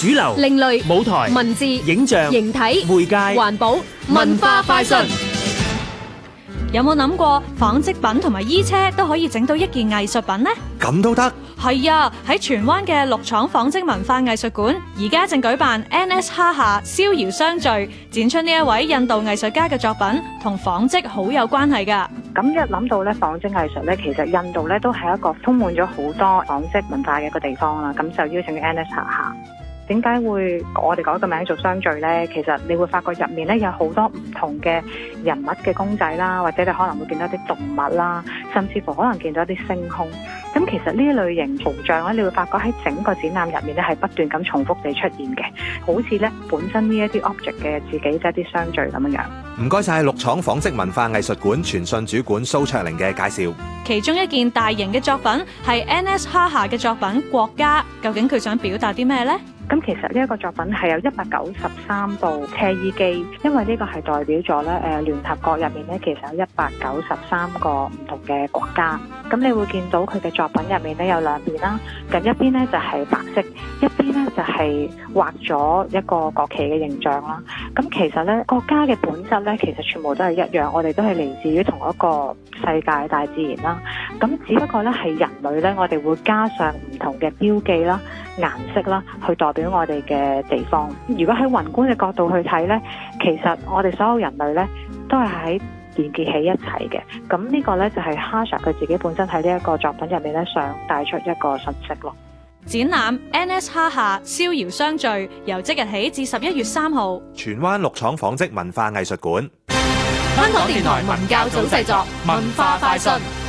主流、另類舞台、文字、影像、形體、媒介、環保、文化快訊，有冇諗過紡織品同埋衣車都可以整到一件藝術品呢？咁都得，係啊！喺荃灣嘅六廠紡織文化藝術館，而家正舉辦 NS 哈夏逍遙相聚，展出呢一位印度藝術家嘅作品，同紡織好有關係噶。咁一諗到咧，紡織藝術咧，其實印度咧都係一個充滿咗好多紡織文化嘅一個地方啦。咁就邀請 NS 哈夏。點解會我哋改個名做相聚呢？其實你會發覺入面咧有好多唔同嘅人物嘅公仔啦，或者你可能會見到一啲動物啦，甚至乎可能見到一啲星空。咁其實呢類型圖像咧，你會發覺喺整個展覽入面咧係不斷咁重複地出現嘅，好似咧本身呢一啲 object 嘅自己即係啲相聚咁樣。唔該晒六廠紡織文化藝術館傳訊主管蘇卓玲嘅介紹。其中一件大型嘅作品係 N.S. 哈夏嘅作品《國家》，究竟佢想表達啲咩呢？咁其實呢一個作品係有一百九十三部車衣機，因為呢個係代表咗咧誒聯合國入面咧，其實有一百九十三個唔同嘅國家。咁你會見到佢嘅作品入面咧有兩邊啦，近一邊咧就係白色，一邊咧就係畫咗一個國旗嘅形象啦。咁其實咧國家嘅本質咧，其實全部都係一樣，我哋都係嚟自於同一個世界大自然啦。咁只不過咧係人類咧，我哋會加上唔同嘅標記啦。顏色啦，去代表我哋嘅地方。如果喺宏觀嘅角度去睇呢，其實我哋所有人類呢，都係喺連結起一齊嘅。咁、這、呢個呢，就係哈沙佢自己本身喺呢一個作品入面呢，想帶出一個信息咯。展覽 NS 哈夏逍遙相聚由即日起至十一月三號，荃灣六廠紡織文化藝術館。香港電台文教組製作文化快訊。